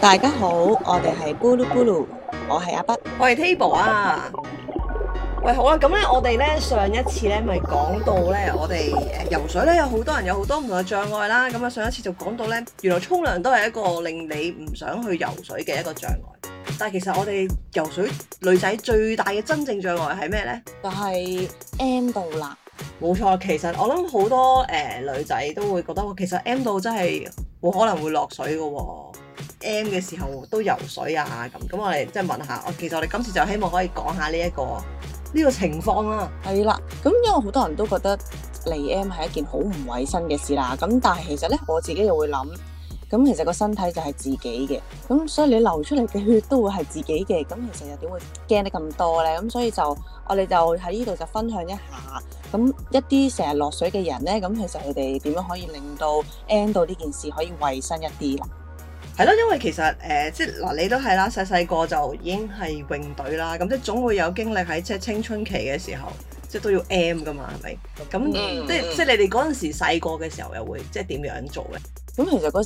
大家好，我哋係咕嚕咕嚕，我係阿畢，我係 table 啊。喂，好啦，咁咧，我哋咧上一次咧咪講到咧，我哋誒游水咧有好多人有好多唔同嘅障礙啦。咁啊上一次就講到咧，到原來沖涼都係一個令你唔想去游水嘅一個障礙。但係其實我哋游水女仔最大嘅真正障礙係咩咧？就係 M 度啦。冇錯，其實我諗好多誒、呃、女仔都會覺得，其實 M 度真係冇可能會落水噶。M 嘅時候都游水啊，咁咁我哋即係問下，我其實我哋今次就希望可以講下呢一個呢個情況啦。係啦，咁因為好多人都覺得嚟 M 係一件好唔衛生嘅事啦，咁但係其實咧我自己又會諗，咁其實個身體就係自己嘅，咁所以你流出嚟嘅血都會係自己嘅，咁其實又點會驚得咁多咧？咁所以就我哋就喺呢度就分享一下，咁一啲成日落水嘅人咧，咁其實佢哋點樣可以令到 M 到呢件事可以衛生一啲啦。係咯，因為其實誒、呃，即係嗱，你都係啦，細細個就已經係泳隊啦，咁即係總會有經歷喺即係青春期嘅時候，即係都要 M 噶嘛，係咪？咁、嗯、即係、嗯、即係你哋嗰陣時細個嘅時候，又會即係點樣做嘅？咁其實嗰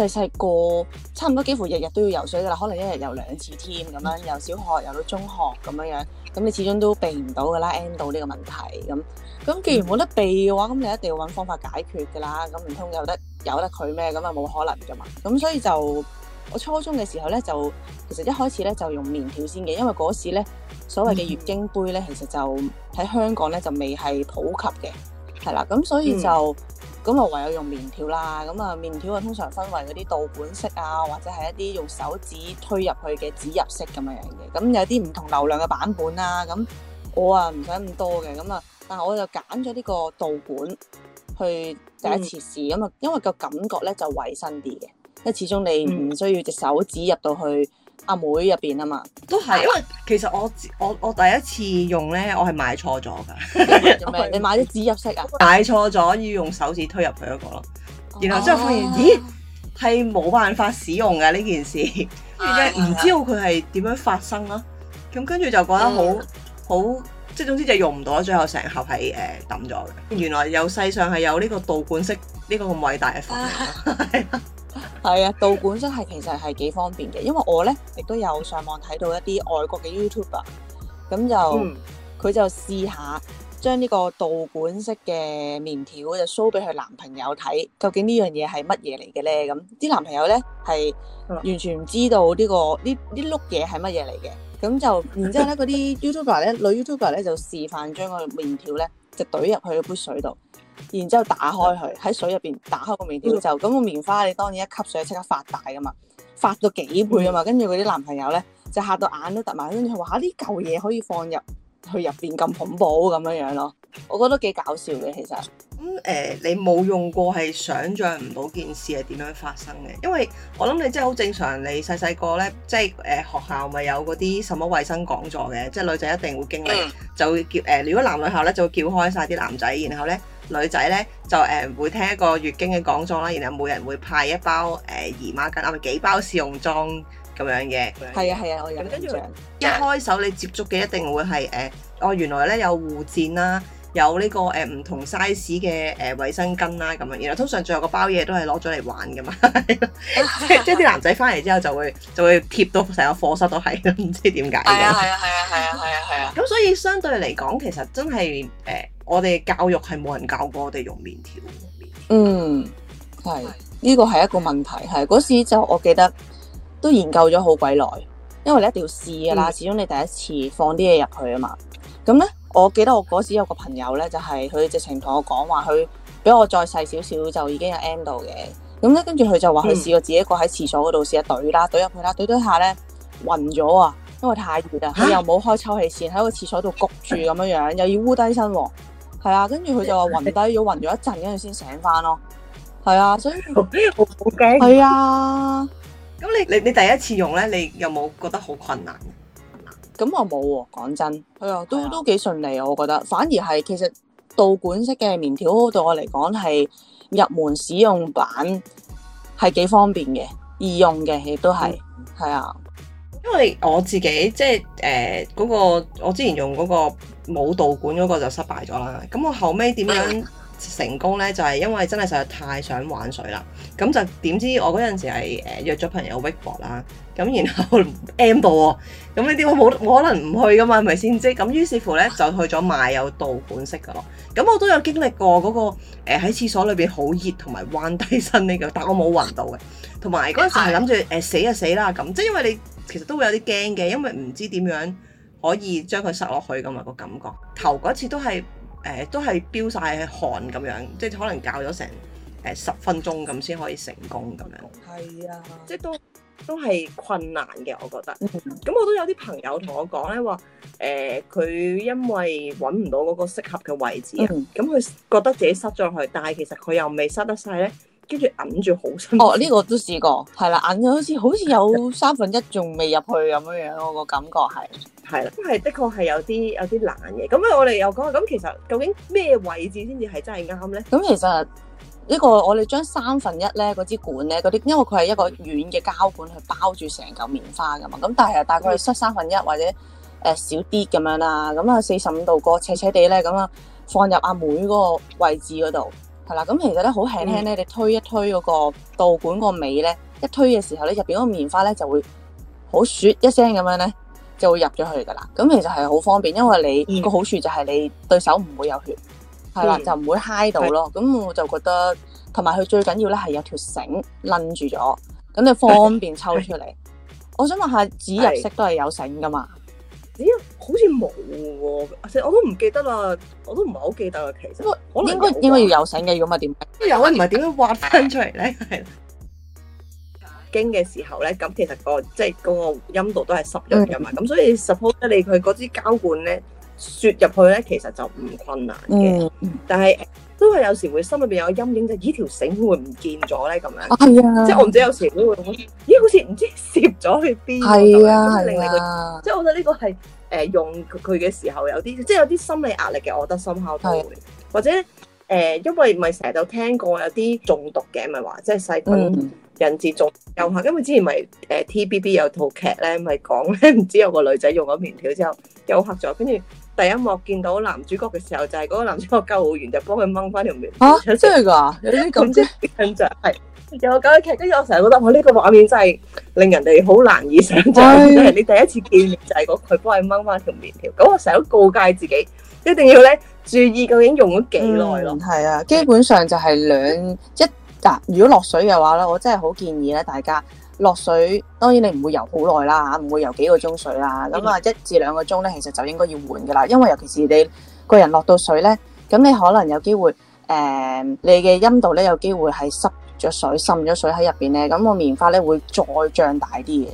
時細細個差唔多幾乎日日都要游水噶啦，可能一日游兩次添咁樣，由小學游到中學咁樣樣，咁你始終都避唔到噶啦 M 到呢個問題咁。咁既然冇得避嘅話，咁你一定要揾方法解決㗎啦。咁唔通有得有得佢咩？咁啊冇可能㗎嘛。咁所以就我初中嘅時候咧，就其實一開始咧就用棉條先嘅，因為嗰時咧所謂嘅月經杯咧，其實就喺香港咧就未係普及嘅，係啦。咁所以就咁啊唯有用棉條啦。咁啊棉條啊通常分為嗰啲導管式啊，或者係一啲用手指推入去嘅指入式咁嘅樣嘅。咁有啲唔同流量嘅版本啊，咁。我啊唔使咁多嘅，咁啊，但係我就揀咗呢個導管去第一次試，咁啊、嗯，因為個感覺咧就衛生啲嘅，即係始終你唔需要隻手指入到去阿妹入邊啊嘛。都係、嗯，因為嗎其實我我我第一次用咧，我係買錯咗噶， 麼 你買啲指入式啊？買錯咗要用手指推入去嗰、那個咯，然後之後發現、啊、咦係冇辦法使用噶呢件事，跟即係唔知道佢係點樣發生咯，咁跟住就覺得好。好，即係總之就用唔到，最後成盒係誒抌咗嘅。原來有世上係有呢個導管式呢、這個咁偉大嘅發明咯。係啊，導管、 啊、式係其實係幾方便嘅。因為我咧亦都有上網睇到一啲外國嘅 YouTuber，咁就佢、嗯、就試下將呢個導管式嘅棉條就 show 俾佢男朋友睇，究竟呢樣嘢係乜嘢嚟嘅咧？咁啲男朋友咧係完全唔知道呢、這個呢呢碌嘢係乜嘢嚟嘅。嗯咁就，然之後咧，嗰啲 YouTuber 咧， 女 YouTuber 咧就示範將個麵條咧，就懟入去杯水度，然之後打開佢喺水入邊打開個麵條就，咁、嗯、個棉花你當然一吸水即刻發大噶嘛，發到幾倍啊嘛，跟住嗰啲男朋友咧就嚇到眼都突埋，跟住佢話呢嚿嘢可以放入去入邊咁恐怖咁樣樣咯，我覺得幾搞笑嘅其實。咁誒、嗯欸，你冇用過係想像唔到件事係點樣發生嘅，因為我諗你真係好正常。你細細個咧，即係誒、呃、學校咪有嗰啲什麼衛生講座嘅，即係女仔一定會經歷，就會叫誒。如、呃、果男女校咧，就會叫開晒啲男仔，然後咧女仔咧就誒會聽一個月經嘅講座啦。然後每人會派一包誒、呃、姨媽巾啊，幾包試用裝咁樣嘅。係啊係啊，我有。跟住一開手你接觸嘅一定會係誒、呃，哦原來咧有護墊啦。有呢個誒唔同 size 嘅誒衛生巾啦咁啊，然後通常最後個包嘢都係攞咗嚟玩噶嘛，即係啲男仔翻嚟之後就會就會貼到成個課室都係，唔知點解嘅。係啊係啊係啊係啊係啊！咁所以相對嚟講，其實真係誒，我哋教育係冇人教過我哋用麵條。嗯，係呢個係一個問題，係嗰聽說時就我記得都研究咗好鬼耐，因為你一定要試噶啦，聽說始終你第一次放啲嘢入去啊嘛，咁咧。我記得我嗰時有個朋友咧、就是，就係佢直情同我講話，佢比我再細少少就已經有 end 到嘅。咁咧跟住，佢就話佢試過自己廁試試，一個喺廁所嗰度試下懟啦，懟入去啦，懟懟下咧暈咗啊，因為太熱佢、啊、又冇開抽氣扇，喺個廁所度焗住咁樣樣，又要烏低身喎。係啊、嗯，跟住佢就話暈低咗，暈咗一陣，跟住先醒翻咯。係啊，itu square cozy 所以好驚。係啊，咁你你你第一次用咧，你有冇覺得好困難？咁我冇喎、哦，講真，係啊，都都幾順利，啊。我覺得。反而係其實導管式嘅棉條對我嚟講係入門使用版，係幾方便嘅，易用嘅亦都係，係、嗯、啊。因為我自己即係誒嗰個，我之前用嗰個冇導管嗰個就失敗咗啦。咁我後尾點樣成功咧？就係、是、因為真係實在太想玩水啦。咁就點知我嗰陣時係誒、呃、約咗朋友 wakeboard 啦。咁然後 M 到喎，咁你點會冇，我可能唔去噶嘛，係咪先？即咁，於是乎咧就去咗買有導管式噶咯。咁我都有經歷過嗰、那個喺廁、呃、所裏邊好熱同埋彎低身呢個，但我冇暈到嘅。同埋嗰陣時係諗住誒死就死啦咁，即係因為你其實都會有啲驚嘅，因為唔知點樣可以將佢塞落去咁啊、那個感覺。頭嗰次都係誒、呃、都係飆晒汗咁樣，即係可能搞咗成誒十分鐘咁先可以成功咁樣。係啊，即係都。都係困難嘅，我覺得。咁 我都有啲朋友同我講咧，話誒佢因為搵唔到嗰個適合嘅位置，咁佢、嗯、哼覺得自己塞咗去，但係其實佢又未塞得晒咧，跟住揞住好辛苦。哦，呢、這個都試過，係啦，揞住好似好似有三分一仲未入去咁樣樣，我個感覺係係啦，係的確係有啲有啲難嘅。咁我哋又講，咁其實究竟咩位置先至係真係啱咧？咁其實。呢個我哋將三分一咧嗰支管咧嗰啲，因為佢係一個軟嘅膠管去包住成嚿棉花噶嘛，咁但係大概係塞三分一或者誒少啲咁樣啦，咁啊對四十五度角斜斜地咧咁啊放入阿妹嗰個位置嗰度係啦，咁其實咧好輕輕咧，你推一推嗰個導管個尾咧，一推嘅時候咧入面嗰個棉花咧就會好雪一聲咁樣咧就會入咗去㗎啦。咁其實係好方便，因為你個好處就係你對手唔會有血。係啦，就唔會嗨到咯。咁是我就覺得，同埋佢最緊要咧係有條繩攆住咗，咁就方便抽出嚟。是 我想問下，指入式都係有繩噶嘛？咦、欸？好似冇喎，其實我都唔記得啦，我都唔係好記得啊。其實應該應該要有繩嘅，如果咪係點？有一唔係點樣挖翻出嚟咧？係經嘅時候咧，咁其實、個即係個陰道都係濕潤噶嘛。咁 所以 support 得你佢嗰支膠管咧。説入去咧，其實就唔困難嘅。嗯、但係都係有時會心裏邊有個陰影，就咦條繩會唔見咗咧咁樣，哎、呀即係我唔知有時會會咦好似唔知攝咗去邊，係啊，即係我覺得呢個係誒、呃、用佢嘅時候有啲即係有啲心理壓力嘅，我覺得心口都會，哎、呀或者誒、呃、因為咪成日都聽過有啲中毒嘅咪話，即係細菌引致中休克，嗯、因為之前咪誒 TBB 有套劇咧咪講咧，唔知有個女仔用咗棉條之後休克咗，跟住。呃 ride, 第一幕見到男主角嘅時候，就係、是、嗰個男主角救護員就幫佢掹翻條棉條。啊、以真係㗎， 有啲咁嘅印象。有 個救生劇，所、就是、我成日覺得我呢個畫面真係令人哋好難以想象。唉你第一次見面就係、是、佢、那個、幫佢掹翻條棉條，咁 我成日都告誡自己一定要咧注意究竟用咗幾耐咯。係、嗯、啊，基本上就係兩一嗱、啊，如果落水嘅話咧，我真係好建議咧大家。落水當然你唔會游好耐啦嚇，唔會游幾個鐘水啦。咁啊一至兩個鐘咧，其實就應該要換嘅啦。因為尤其是你個人落到水咧，咁你可能有機會誒、呃，你嘅陰道咧有機會係濕咗水滲咗水喺入邊咧，咁個棉花咧會再脹大啲嘅，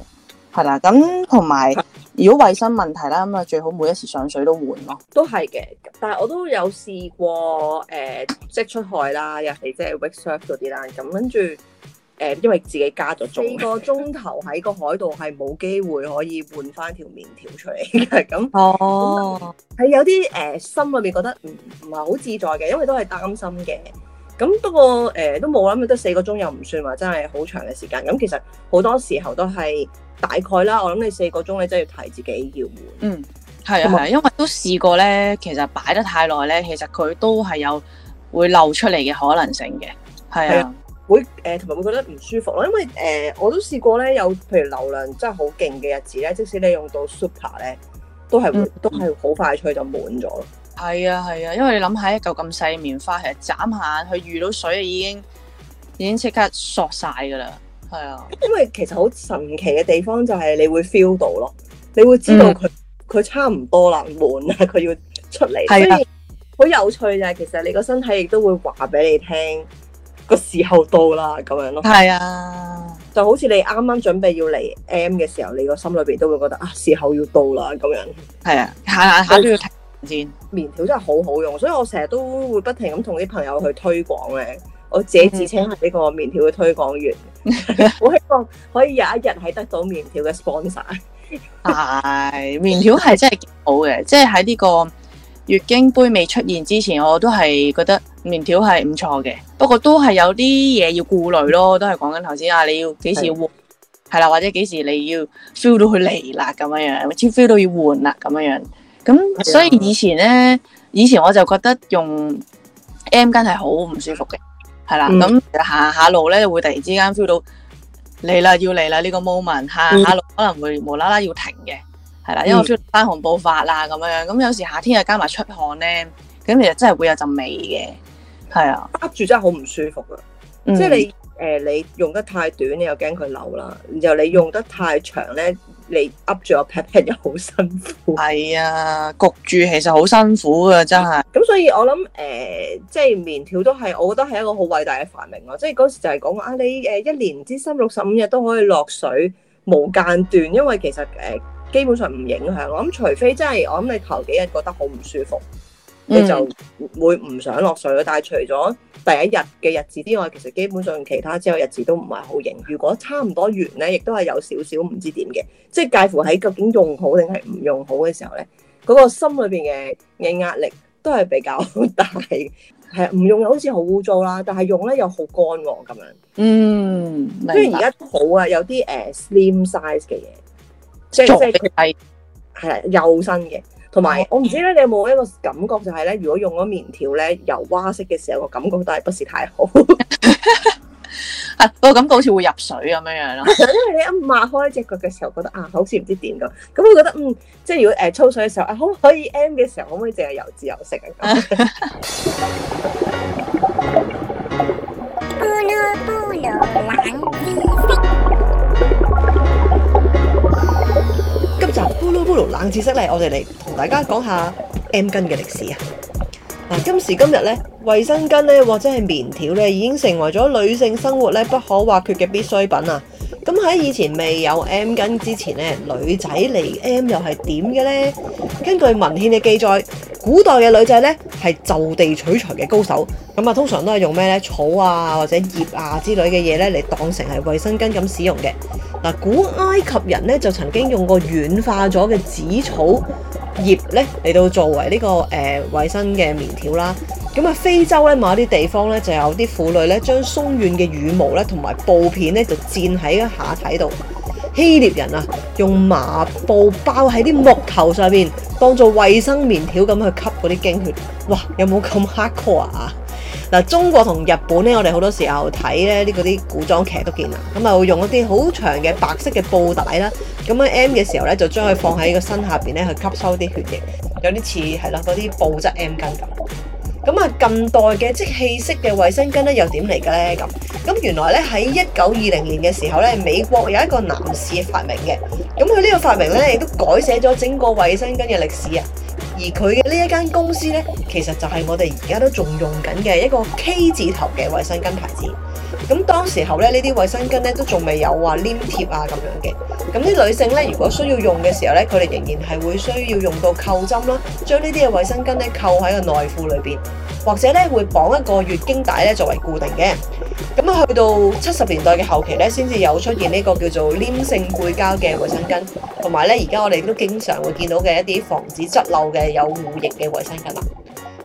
係啦。咁同埋如果衞生問題啦，咁啊最好每一次上水都換咯。都係嘅，但係我都有試過誒，即、呃、係出海啦，尤其即係 wake surf 嗰啲啦，咁跟住。誒，因為自己加咗鐘，四個鐘頭喺個海度係冇機會可以換翻條麵條出嚟嘅，咁，哦，係、嗯、有啲誒、呃、心裏面覺得唔唔係好自在嘅，因為都係擔心嘅。咁、呃、不過誒都冇諗，得四個鐘又唔算話真係好長嘅時間。咁其實好多時候都係大概啦。我諗你四個鐘你真係要提自己要換。嗯，係啊，係，和 因為都試過咧，其實擺得太耐咧，其實佢都係有會漏出嚟嘅可能性嘅。係啊。會誒，同、呃、埋會覺得唔舒服咯，因為誒、呃，我都試過咧，有譬如流量真係好勁嘅日子咧，即使你用到 Super 咧，都係會，嗯、都係好快脆就滿咗咯。係啊，係啊，因為你諗下一嚿咁細棉花，其實斬下佢遇到水，已經已經即刻索晒噶啦。係啊，因為其實好神奇嘅地方就係你會 feel 到咯，你會知道佢佢、嗯、差唔多啦，滿啦，佢要出嚟，啊、所以好有趣就係，其實你個身體亦都會話俾你聽。個時候到啦，咁樣咯。係啊，就好似你啱啱準備要嚟 M 嘅時候，你個心裏邊都會覺得啊，時候要到啦，咁樣。係啊，係係以都要停先。棉條真係好好用，所以我成日都會不停咁同啲朋友去推廣咧。我自己自稱係呢個棉條嘅推廣員， 我希望可以有一日係得到棉條嘅 sponsor。係， 棉條係真係幾好嘅，即係喺呢個。月經杯未出現之前，我都係覺得棉條係唔錯嘅，不過都係有啲嘢要顧慮咯。都係講緊頭先啊，你要幾時換？係啦的，或者幾時你要 feel 到佢嚟啦咁樣樣，知 feel 到要換啦咁樣樣。咁的所以以前咧，以前我就覺得用 M 巾係好唔舒服嘅，係啦。咁下下路咧會突然之間 feel 到嚟啦，要嚟啦呢個 moment，下下路可能會無啦啦要停嘅。係啦，因為我出曬汗暴發啦咁樣，咁有時夏天又加埋出汗咧，咁其實真係會有陣味嘅，係啊，噏住真係好唔舒服嘅。即係你誒、呃，你用得太短你又驚佢漏啦，然後你用得太長咧，你噏住我 pat pat 又好辛苦。係啊、哎，焗住其實好辛苦嘅真係。咁所以我諗誒、呃，即係棉條都係，我覺得係一個好偉大嘅發明咯、啊。即係嗰時就係講啊，你誒一年之三百六十五日都可以落水無間斷，因為其實誒。呃基本上唔影響，我諗除非真係我諗你頭幾日覺得好唔舒服，嗯、你就會唔想落水咯。但係除咗第一日嘅日子之外，其實基本上其他之後日子都唔係好影。如果差唔多完咧，亦都係有少少唔知點嘅，即係介乎喺究竟用好定係唔用好嘅時候咧，嗰、嗰個心裏邊嘅嘅壓力都係比較大。係唔用又好似好污糟啦，但係用咧又好乾喎咁樣。嗯，雖然而家好啊，有啲誒、uh, slim size 嘅嘢。即係即係佢係幼身嘅，同埋我唔知咧，你有冇一個感覺就係咧，如果用咗棉條咧，游蛙式嘅時候個感覺都係不是太好，個 感覺好似會入水咁樣樣咯。 因為你一擘開隻腳嘅時候，覺得啊，好似唔知點咁，咁我覺得嗯，即係如果誒抽水嘅時候啊，可唔可以 M 嘅時候，可唔可以淨係游自由式啊？ 咕嚕咕嚕冷知識咧，我哋嚟同大家講一下 M 巾嘅歷史。今時今日呢，衛生巾呢，或者係棉條呢，已經成為咗女性生活不可或缺嘅必需品啊！咁喺以前未有 M 巾之前咧，女仔嚟 M 又係點嘅呢？根據文獻嘅記載，古代嘅女仔咧，係就地取材嘅高手，咁啊通常都係用咩咧草啊或者葉啊之類嘅嘢咧，嚟當成係衛生巾咁使用嘅。嗱，古埃及人咧就曾經用過軟化咗嘅紫草葉咧嚟到作為呢、這個誒衛、呃、生嘅棉條啦。咁啊，非洲咧，某啲地方咧，就有啲婦女咧，將鬆軟嘅羽毛咧，同埋布片咧，就綫喺個下體度。希臘人啊，用麻布包喺啲木頭上邊，當做衞生棉條咁去吸嗰啲經血。哇，有冇咁黑？啊？嗱，中國同日本咧，我哋好多時候睇咧呢啲古裝劇都見啊，咁啊會用一啲好長嘅白色嘅布帶啦。咁樣 M 嘅時候咧，就將佢放喺個身下邊咧，去吸收啲血液，有啲似係咯嗰啲布質 M 巾。咁。咁啊，近代嘅即棄式嘅衛生巾咧又點嚟嘅咧？咁咁原來咧喺一九二零年嘅時候咧，美國有一個男士發明嘅，咁佢呢個發明咧亦都改寫咗整個衛生巾嘅歷史啊！而佢嘅呢一間公司咧，其實就係我哋而家都仲用緊嘅一個 K 字頭嘅衛生巾牌子。咁當時候咧，呢啲衛生巾咧都仲未有話黏貼啊咁樣嘅。咁啲女性咧，如果需要用嘅時候咧，佢哋仍然係會需要用到扣針啦，將呢啲嘅衛生巾咧扣喺個內褲裏邊，或者咧會綁一個月經帶咧作為固定嘅。咁啊，去到七十年代嘅後期咧，先至有出現呢個叫做黏性背膠嘅衛生巾，同埋咧而家我哋都經常會見到嘅一啲防止側漏嘅有護翼嘅衛生巾啦。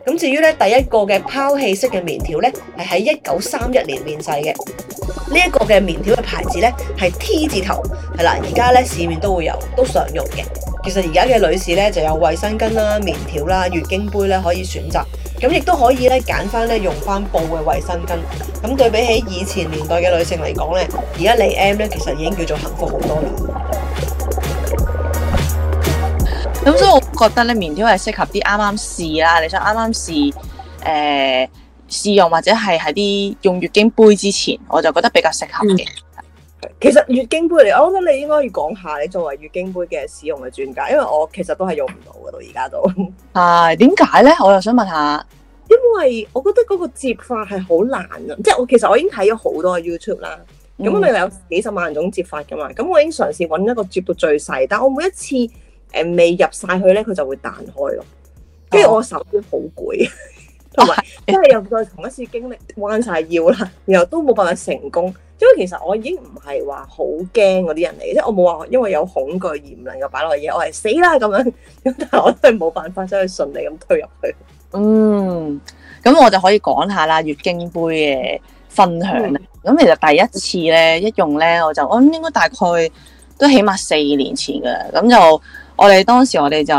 咁至於咧，第一個嘅拋棄式嘅棉條咧，係喺一九三一年面世嘅。呢一個嘅棉條嘅牌子咧，係 T 字頭，係啦。而家咧，市面都會有，都常用嘅。其實而家嘅女士咧，就有衛生巾啦、棉條啦、月經杯咧，可以選擇。咁亦都可以咧，揀翻咧用翻布嘅衛生巾。咁對比起以前年代嘅女性嚟講咧，而家你 M 咧，其實已經叫做幸福好多啦。咁所以我覺得咧，棉條係適合啲啱啱試啦。你想啱啱試誒試用，或者係喺啲用月經杯之前，我就覺得比較適合嘅。其實月經杯嚟，我覺得你應該要講下你作為月經杯嘅使用嘅專家，因為我其實都係用唔到㗎，到而家都係點解咧？我又想問下，因為我覺得嗰個接法係好難啊，即係我其實我已經睇咗好多 YouTube 啦，咁你咪、嗯、有幾十萬種接法噶嘛。咁我已經嘗試揾一個接到最細，但我每一次。誒未入晒去咧，佢就會彈開咯。跟住我手都好攰，同埋即係又再同一次經歷彎晒腰啦，然後都冇辦法成功。因為其實我已經唔係話好驚嗰啲人嚟，即係我冇話因為有恐懼而唔能夠擺落嘢。我係死啦咁樣，但係我都係冇辦法將佢順利咁推入去。嗯，咁我就可以講下啦，月經杯嘅分享啦。咁、嗯、其實第一次咧一用咧，我就我諗應該大概都起碼四年前㗎啦，咁就。我哋當時，我哋就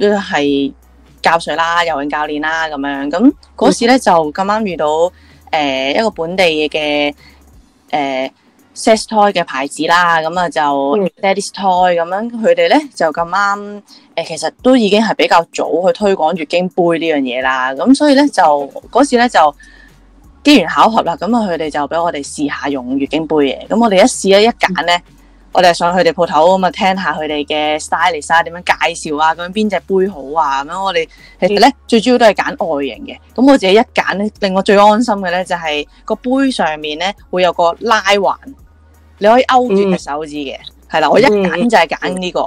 都係教水啦、游泳教練啦咁樣。咁嗰時咧就咁啱遇到誒、呃、一個本地嘅誒、呃、sex toy 嘅牌子啦。咁啊就 Daddy's Toy 咁樣，佢哋咧就咁啱誒，其實都已經係比較早去推廣月經杯呢樣嘢啦。咁所以咧就嗰時咧就機緣巧合啦。咁啊，佢哋就俾我哋試下用月經杯嘅。咁我哋一試咧一揀咧。嗯我哋上佢哋鋪頭咁啊，聽下佢哋嘅 stylist 點樣介紹啊，咁邊隻杯好啊咁樣。我哋其實咧、嗯、最主要都係揀外形嘅。咁我自己一揀咧，令我最安心嘅咧就係個杯上面咧會有個拉環，你可以勾住隻手指嘅。係啦、嗯，我一揀就係揀呢個，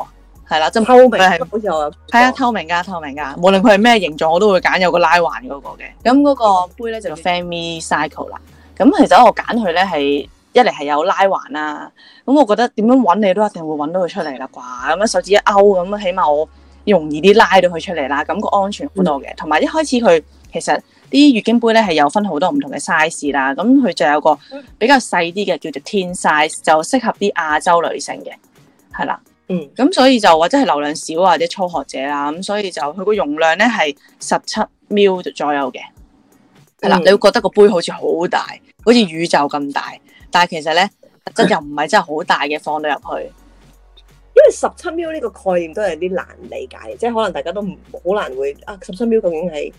係啦、嗯，真係透明係冇錯啊。係啊、嗯，透明㗎，透明㗎。無論佢係咩形狀，我都會揀有個拉環嗰個嘅。咁嗰個杯咧就個 Family Cycle 啦。咁其實我揀佢咧係。一嚟係有拉環啦、啊，咁我覺得點樣揾你都一定會揾到佢出嚟啦啩。咁、嗯、一手指一勾咁，起碼我容易啲拉到佢出嚟啦，感、那、覺、個、安全好多嘅。同埋、嗯、一開始佢其實啲月經杯咧係有分好多唔同嘅 size 啦，咁佢就有個比較細啲嘅叫做 ten size，就適合啲亞洲女性嘅，係啦。嗯，咁所以就或者係流量少或者初學者啦，咁所以就佢個容量咧係十七 ml 左右嘅，係啦，你會覺得個杯好似好大，好似、嗯、宇宙咁大。但係其實咧，即又唔係真係好大嘅，放到入去，因為十七秒呢個概念都係有啲難理解，即、就、係、是、可能大家都唔好難會啊，十七秒究竟係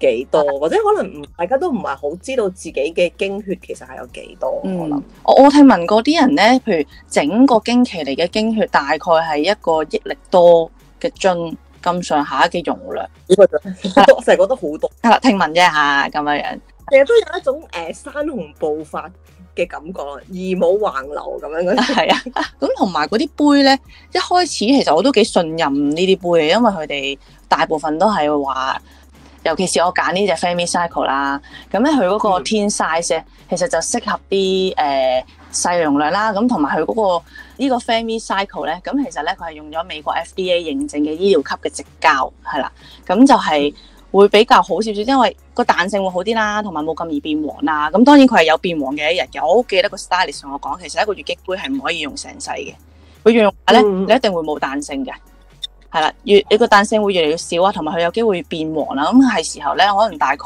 幾多？啊、或者可能唔大家都唔係好知道自己嘅經血其實係有幾多？我諗我我聽聞過啲人咧，譬如整個經期嚟嘅經血大概係一個益力多嘅樽咁上下嘅容量，啊、 我成日覺得好多。啊、聽聞啫，下咁樣樣，其實都有一種誒、啊、山洪爆發。嘅感覺，而冇橫流咁樣嗰啲，係啊，咁同埋嗰啲杯咧，一開始其實我都幾信任呢啲杯嘅，因為佢哋大部分都係話，尤其是我揀呢隻 FemmyCycle 啦，咁咧佢嗰個 teen size 其實就適合啲誒、呃、細容量啦，咁同埋佢嗰個、這個、呢個 FemmyCycle 咧，咁其實咧佢係用咗美國 FDA 認證嘅醫療級嘅直膠，係啦，咁就係、是。會比較好少少，因為個彈性會好啲啦，同埋冇咁易變黃啦。咁當然佢係有變黃嘅一日，有我記得個 stylist 同我講，其實一個月經杯係唔可以用成世嘅。佢用咧，mm. 你一定會冇彈性嘅，係啦。越你個彈性會越嚟越少啊，同埋佢有機會變黃啦。咁係時候咧，我可能大概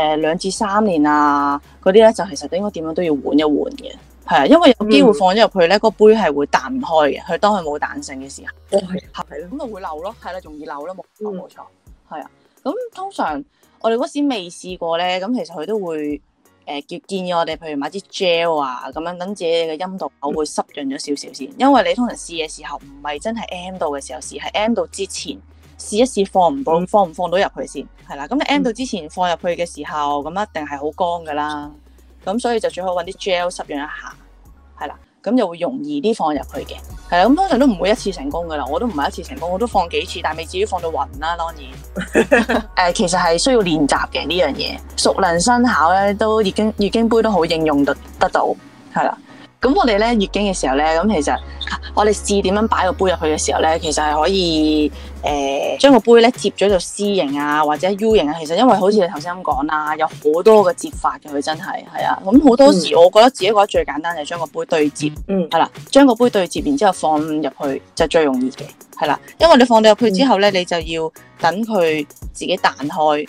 誒兩至三年啊嗰啲咧，就其實應該點樣都要換一換嘅，係啊，因為有機會放咗入去咧，mm. 個杯係會彈唔開嘅。佢當佢冇彈性嘅時候，哦係，係咁咪會漏咯，係啦，容易漏咯，冇錯冇錯，係啊。咁通常我哋嗰時未試過咧，咁其實佢都會誒叫、呃、建議我哋，譬如買支 gel 啊，咁樣等自己嘅陰道口會濕潤咗少少先。因為你通常試嘅時候唔係真係 M 到嘅時候試，係 M 到之前試一試放唔到，放唔放到入去先，係啦。咁你 M 到之前放入去嘅時候，咁、嗯、一定係好乾㗎啦。咁所以就最好揾啲 gel 濕潤一下，係啦。咁就會容易啲放入去嘅，係、嗯、啦。咁通常都唔會一次成功噶啦，我都唔係一次成功，我都放幾次，但係未至於放到暈啦，當然。誒、 呃，其實係需要練習嘅呢樣嘢，熟能生巧咧，都已經已經杯都好應用得得到，係啦。咁我哋咧月經嘅時候咧，咁其實我哋試點樣擺個杯入去嘅時候咧，其實係可以誒，將、呃、個杯咧接咗做 C 型啊，或者 U 型啊。其實因為好似你頭先咁講啦，有好多個接法嘅，佢真係係啊。咁好多時，我覺得、嗯、自己覺得最簡單就係將個杯對接，嗯，係啦、啊，將個杯對接，然之後放入去就是、最容易嘅，係啦、啊。因為你放到入去之後咧，嗯、你就要等佢自己彈開，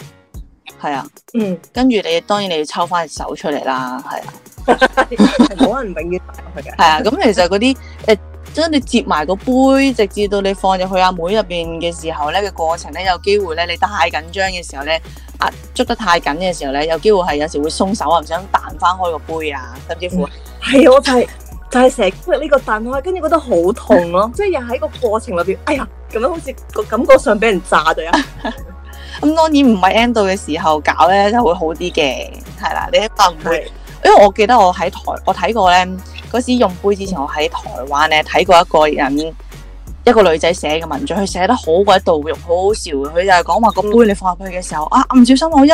係啊，嗯，跟住你當然你要抽翻隻手出嚟啦，係啊。係冇 人永遠彈佢嘅。係啊，咁其實嗰啲誒，將、欸、你接埋個杯，直至到你放入去阿妹入邊嘅時候咧嘅過程咧，有機會咧你太緊張嘅時候咧，壓、啊、捉得太緊嘅時候咧，有機會係有時會鬆手啊，唔想彈翻開個杯啊，甚至乎係、嗯就是就是、啊，我就係就係成日經歷呢個彈開，跟住覺得好痛咯，即係又喺個過程裏邊，哎呀，咁樣好似個感覺上俾人炸咗啊！咁 當然唔係 end 到嘅時候搞咧，就會好啲嘅，係啦、啊，你一定唔會。因為我記得我喺台，我睇過咧嗰時用杯之前，我喺台灣咧睇過一個人一個女仔寫嘅文章，佢寫得好鬼道用，好好笑。佢就係講話個杯你放入去嘅時候啊，唔小心我一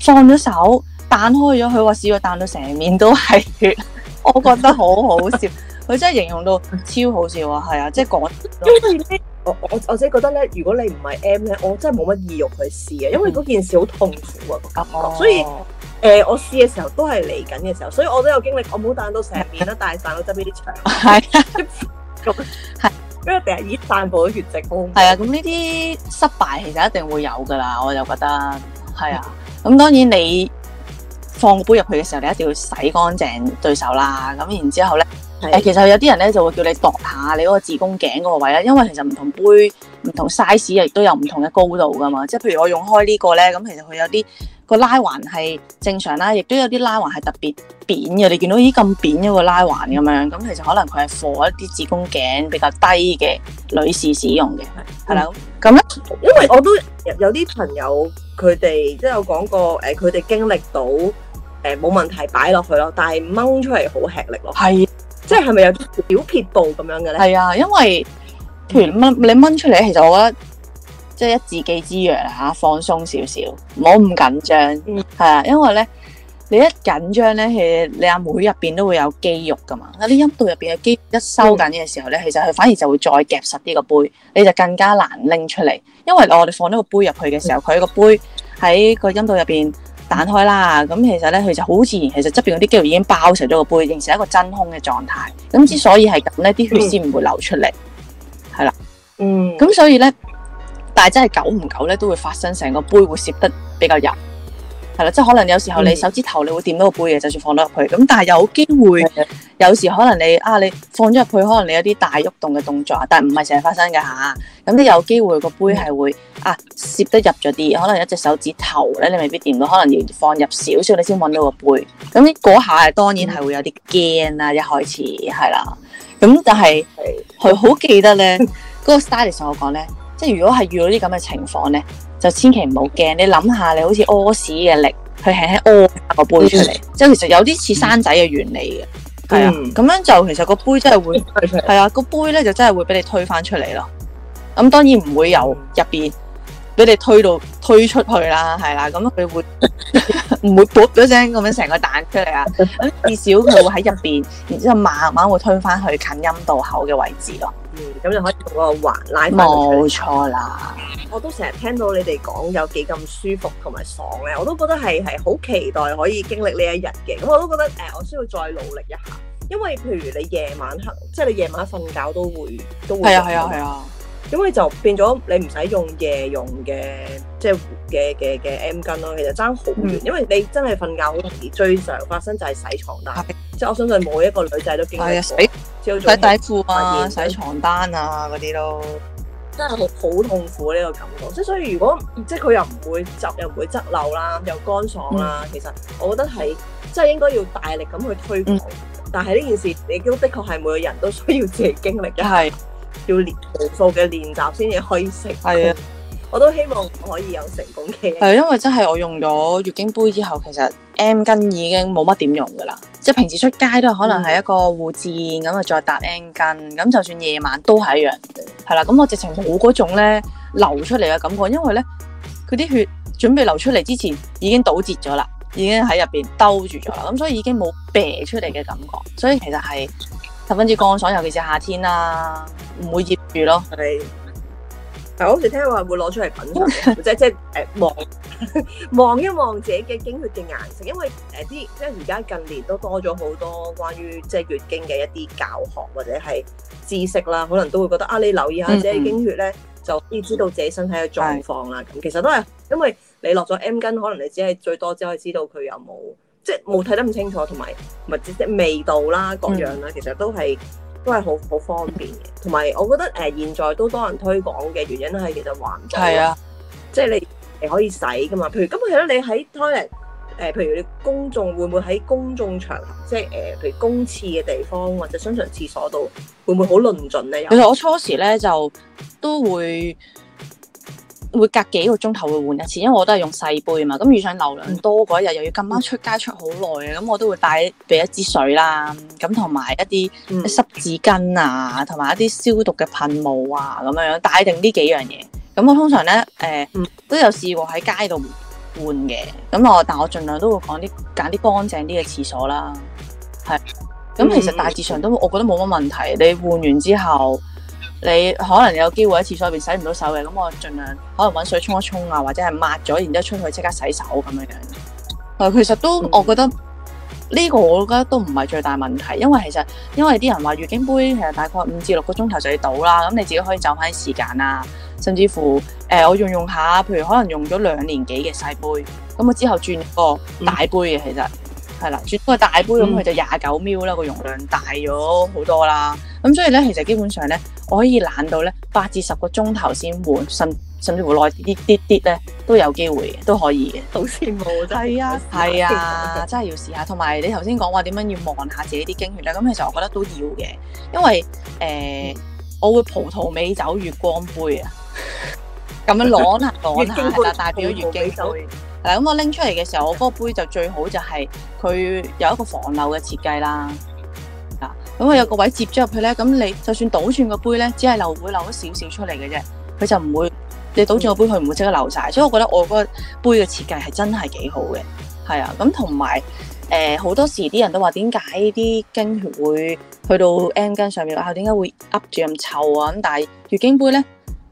放咗手彈開咗，佢話試過彈到成面都係血，我覺得好好笑。佢 真係形容到超好笑啊！係啊，即係講。我我我自己覺得咧，如果你唔係 M 咧，我真係冇乜意欲去試啊，因為嗰件事好痛苦啊，個感覺。哦、所以誒、呃，我試嘅時候都係嚟緊嘅時候，所以我都有經歷，我冇彈到成面啦，但係彈到側邊啲牆。係，係，因為第日熱，散布咗血跡。係啊，咁呢啲失敗其實一定會有噶啦，我就覺得係啊。咁當然你放杯入去嘅時候，你一定要洗乾淨對手啦，啊。咁然之後咧。誒，是其實有啲人咧就會叫你度下你嗰個子宮頸嗰個位咧，因為其實唔同杯唔同 size，亦都有唔同嘅高度噶嘛。即係譬如我用開個呢個咧，咁其實佢有啲個拉環係正常啦，亦都有啲拉環係特別扁嘅。你見到依咁扁咗個拉環咁樣，咁其實可能佢係 for 一啲子宮頸比較低嘅女士使用嘅，係啦。咁咁咧，嗯、呢因為我都有啲朋友佢哋即係有講過誒，佢哋經歷到誒冇、呃、問題擺落去咯，但係掹出嚟好吃力咯，係。即係咪有啲小撇步咁樣嘅咧？係啊，因為譬如掹你掹出嚟，其實我覺得即係一字記之弱啊，放鬆少少，唔好咁緊張，係啊，因為咧你一緊張咧，其實你阿妹入邊都會有肌肉噶嘛，嗰啲陰道入邊嘅肌一收緊嘅時候咧，其實佢反而就會再夾實啲個杯，你就更加難拎出嚟，因為我哋放呢個杯入去嘅時候，佢個杯喺個陰道入邊。彈開啦，咁其實咧佢就好自然，其實側邊嗰啲肌肉已經包成咗個杯，形成一個真空嘅狀態。咁、嗯、之所以係咁咧，啲血先唔會流出嚟，係、嗯、啦，嗯，咁所以咧，但係真係久唔久咧，都會發生成個杯會攝得比較入。係啦，即係可能有時候你手指頭你會掂到個杯嘅，就算放得入去。咁但係有機會，的有時可能你啊，你放咗入去，可能你有啲大喐動嘅動作，但係唔係成日發生㗎吓。咁、啊、啲有機會個杯係會的啊，攝得入咗啲，可能一隻手指頭咧，你未必掂到，可能要放入少少你先揾到個杯。咁嗰下係當然係會有啲驚啦，的一開始係啦。咁但係佢好記得咧，嗰 個 Stylish 同我講咧，即係如果係遇到啲咁嘅情況咧。就千祈唔好驚，你諗下你好似屙屎嘅力，去輕輕屙個杯出嚟，即係、嗯、其實有啲似生仔嘅原理嘅。係啊，咁、嗯、樣就其實個杯真係會，係啊、嗯，個的杯咧，就真係會俾你推返出嚟咯，咁當然唔會有入邊。嗯俾你推到推出去啦，係啦，咁佢會唔 會噗咗聲咁樣成個蛋出嚟啊？咁 至少佢會喺入邊，然之後慢慢會推翻去近陰道口嘅位置咯。嗯，咁就可以用個環拉翻佢。冇錯啦。我都成日聽到你哋講有幾咁舒服同埋爽咧，我都覺得係係好期待可以經歷呢一日嘅。咁我都覺得誒、呃，我需要再努力一下，因為譬如你夜晚黑，即係你夜晚瞓覺都會都會的。係啊係啊係啊！的因為就變咗你唔使用夜用嘅，即係活嘅嘅嘅 M 巾咯，其實爭好遠，因為你真係瞓覺好容易最常發生就係洗床單，即係我相信每一個女仔都經歷過。洗底褲啊，洗床單啊嗰啲咯，真係好痛苦呢個感覺。即係所以如果即係佢又唔會執，又唔會側漏啦，又乾爽啦，其實我覺得係即係應該要大力咁去推廣。但係呢件事亦都的確係每個人都需要自己經歷嘅係。要連續嘅練習先至可以成。係是啊，我都希望可以有成功嘅。係因為真係我用咗月經杯之後，其實 M 巾已經冇乜點用噶啦，即係平時出街都可能係一個護墊咁啊，嗯、再搭 M 巾。咁就算夜晚都係一樣，係啦，咁我直情冇嗰種咧流出嚟嘅感覺，因為咧佢啲血準備流出嚟之前已經堵截咗啦，已經喺入邊兜住咗啦，咁所以已經冇射出嚟嘅感覺，所以其實係。十分之乾爽，尤其是夏天啊，唔會醃住咯。係，但好似聽話會攞出嚟品嚐嘅，即係即係誒望望一望自己嘅經血嘅顏色，因為誒啲、呃、即係而家近年都多咗好多關於即係月經嘅一啲教學或者係知識啦，可能都會覺得啊，你留意下自己經血咧，就可以知道自己身體嘅狀況啦。咁其實都係，因為你落咗 M 巾，可能你只係最多只可以知道佢有冇。即係冇睇得咁清楚，同埋同埋即，即，即味道啦，各樣啦，其實都係都係好好方便嘅。同埋，我覺得誒、呃、現在都多人推廣嘅原因係其實環保，係是啊，即係你誒可以洗噶嘛。譬如咁樣，你喺 t o i 譬如你公眾會唔會喺公眾場合，即係誒、呃、譬如公廁嘅地方或者商場廁所度，會唔會好論盡咧？其實我初時咧就都會。會隔幾個鐘頭會換一次，因為我都係用細杯啊嘛。咁遇上流量多嗰一日，又要咁啱出街出好耐啊，咁我都會帶俾一支水啦，咁同埋一啲濕紙巾啊，同埋一啲消毒嘅噴霧啊，咁樣樣帶定呢幾樣嘢。咁我通常咧，誒、呃、都有試過喺街度換嘅。咁我，但我儘量都會講啲揀啲乾淨啲嘅廁所啦。係，咁其實大致上都，我覺得冇乜問題。你換完之後。你可能有機會喺廁所入邊洗唔到手嘅，咁我儘量可能揾水沖一沖啊，或者係抹咗，然之後出去即刻洗手咁樣樣。啊，其實都、嗯、我覺得呢、這個我覺得都唔係最大問題，因為其實因為啲人話月經杯其實大概五至六個鐘頭就要倒啦，咁你自己可以就翻啲時間啊，甚至乎誒、呃、我用用下，譬如可能用咗兩年幾嘅細杯，咁我之後轉個大杯嘅、嗯、其實。係啦，轉個大杯咁，佢就廿九 ml 啦，個容量大咗好多啦。咁所以咧，其實基本上咧，我可以懶到咧八至十個鐘頭先換，甚甚至乎耐啲啲啲咧都有機會嘅，都可以嘅。好羨慕真係啊！係啊，真係要試下。同埋你頭先講話點樣要望下自己啲經血咧？咁其實我覺得都要嘅，因為誒，我會葡萄美酒月光杯啊，咁樣攞下攞下，係啦，代表咗月經杯。嗱，咁我拎出嚟嘅時候，我嗰個杯就最好就係佢有一個防漏嘅設計啦。嗱，咁我有個位接咗入去咧，咁你就算倒轉個杯咧，只係漏會漏咗少少出嚟嘅啫，佢就唔會你倒轉個杯佢唔會即刻漏晒。所以我覺得我個杯嘅設計係真係幾好嘅。係啊，咁同埋誒好多時啲人都話點解啲經血會去到 M 巾上面啊？點解會噏住咁臭啊？咁但係月經杯咧，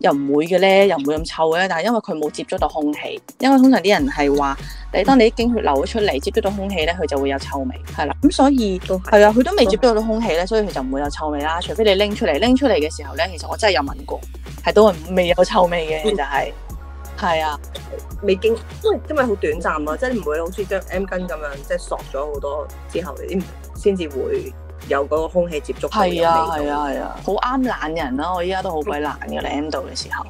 又唔會嘅咧，又唔會咁臭嘅。但係因為佢冇接觸到空氣，因為通常啲人係話，你當你啲經血流咗出嚟，接觸到空氣咧，佢就會有臭味，係啦。咁、嗯、所以係啊，佢都未是接觸到空氣咧，是所以佢就唔會有臭味啦。除非你拎出嚟，拎出嚟嘅時候咧，其實我真係有聞過，係都係未有臭味嘅，其實係係啊，未 的經，因為因為好短暫啊，即係唔會好似將 M 巾咁樣，即係索咗好多之後，你先至會。有嗰個空氣接觸，係啊係啊係啊，好啱懶人啦！我依家都好鬼懶嘅，你 M 到嘅時候。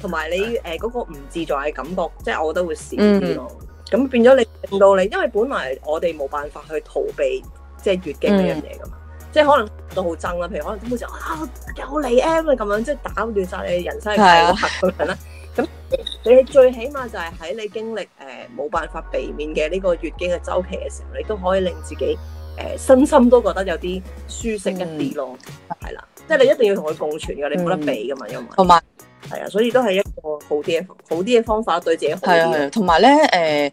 同埋你誒嗰個唔自在嘅感覺，即係我覺得會少啲咯。咁變咗你令到你，因為本來我哋冇辦法去逃避即係月經呢樣嘢噶嘛，即係可能都好憎啦，譬如可能冇事啊，又嚟 M 啊咁樣，即係打亂曬你人生嘅軌跡咁樣啦。咁你最起碼就係喺你經歷誒冇辦法避免嘅呢個月經嘅週期嘅時候，你都可以令自己。誒身心都覺得有啲舒適一啲咯，係、嗯、啦，嗯、即係你一定要同佢共存嘅，你冇得比㗎嘛，因為同埋係啊，所以都係一個好啲嘅好啲嘅方法對自己好。好、嗯。係啊，同埋咧誒，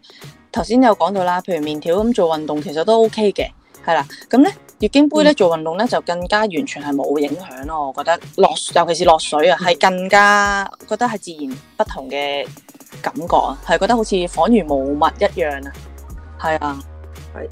頭先有講到啦，譬如棉條咁做運動其實都 OK 嘅，係啦、啊，咁、嗯、咧月經杯咧、嗯、做運動咧就更加完全係冇影響咯，我覺得落尤其是落水啊，係更加覺得係自然不同嘅感覺啊，係覺得好似恍如無物，物一樣啊，係啊。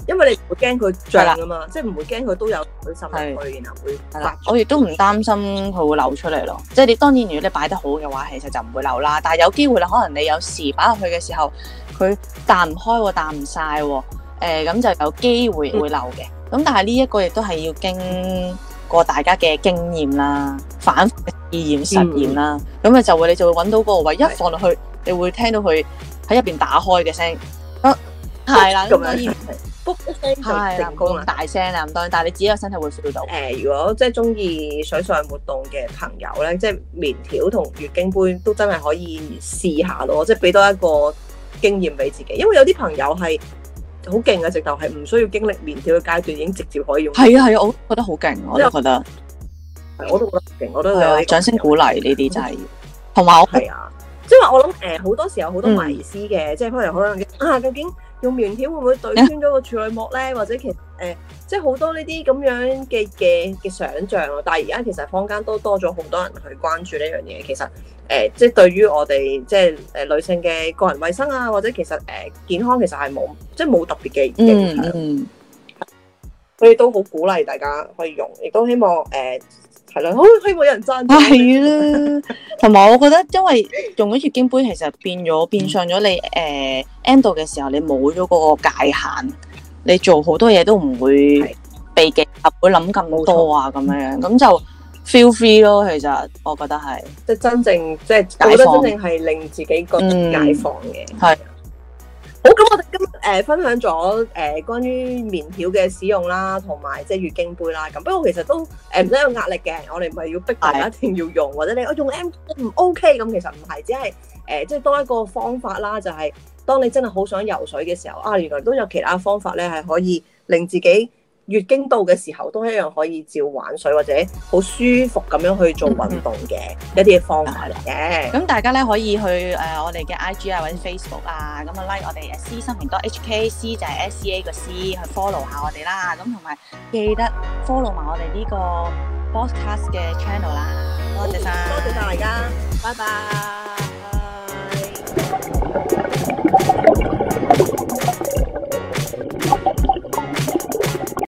因為你唔會驚佢脹噶嘛，對了 即係唔會驚佢都有佢滲入去，然後會，對了 我亦都唔擔心佢會流出嚟咯。嗯、即係你當然，如果你擺得好嘅話，其實就唔會流啦。但係有機會啦，可能你有時擺落去嘅時候，佢彈唔開喎，彈唔晒喎，誒、呃，咁就有機會會流嘅。咁、嗯、但係呢一個亦都係要經過大家嘅經驗啦、反覆試驗、實驗啦，咁你、嗯、就會，你就會搵到個位，一放落去，對 你會聽到佢喺入邊打開嘅聲。嗯係啦，咁樣 book 一聲就成功啦，大聲啊咁多，但係你自己個身體會受到誒、呃。如果即係中意水上活動嘅朋友咧，即係棉條同月經杯都真係可以試下咯，即係俾多一個經驗俾自己。因為有啲朋友係好勁嘅，直頭係唔需要經歷棉條嘅階段，已經直接可以用。係啊係啊，我覺得好勁，我都覺得，我都覺得勁，我都係掌聲鼓勵呢啲真係。同埋我係啊，即係話我諗誒，好多時候好多迷思嘅，嗯、即係可能可能啊，究竟，啊究竟用棉條會唔會對穿咗個處女膜咧？或者其實誒、呃，即係好多呢啲咁樣嘅嘅嘅想像啊！但係而家其實坊間都多咗好多人去關注呢樣嘢。其實誒、呃，即係對於我哋即係誒、呃、女性嘅個人衞生啊，或者其實誒、呃、健康，其實係冇即係冇特別嘅影響。嗯，嗯嗯，所以都好鼓勵大家可以用，亦都希望誒。呃好希望有人讚啊，係啦，同埋我覺得，因為用咗月經杯，其實變咗變相咗你誒 end 嘅時候，你冇咗個界限，你做好多嘢都唔會被夾，的會諗咁多啊咁錯樣樣咁就 feel free 咯。其實我覺得係即係真正即放覺得真正係令自己覺解放嘅，係、嗯、好，咁我哋。誒，分享咗誒關於棉條嘅使用啦，同埋即係月經杯啦。咁不過其實都誒唔使有壓力嘅。 我哋唔係要逼大家一定要用，或者你話用 M 唔 OK 咁，其實唔係，只係誒即係多一個方法啦。就係、是、當你真係好想游水嘅時候啊，原來都有其他方法咧，係可以令自己。月經到嘅時候都一樣可以照玩水或者好舒服咁樣去做運動嘅一啲嘅方法嚟嘅。咁 大家咧可以去誒、呃、我哋嘅 I G 啊或者 Facebook 啊咁啊 like 我哋 C 心平多 H K C 就係 S C A 個 C 去 follow 下我哋啦。咁同埋記得 follow 埋我哋呢個 Podcast 嘅 channel 啦。多、哦、謝晒，多謝曬大家，拜拜。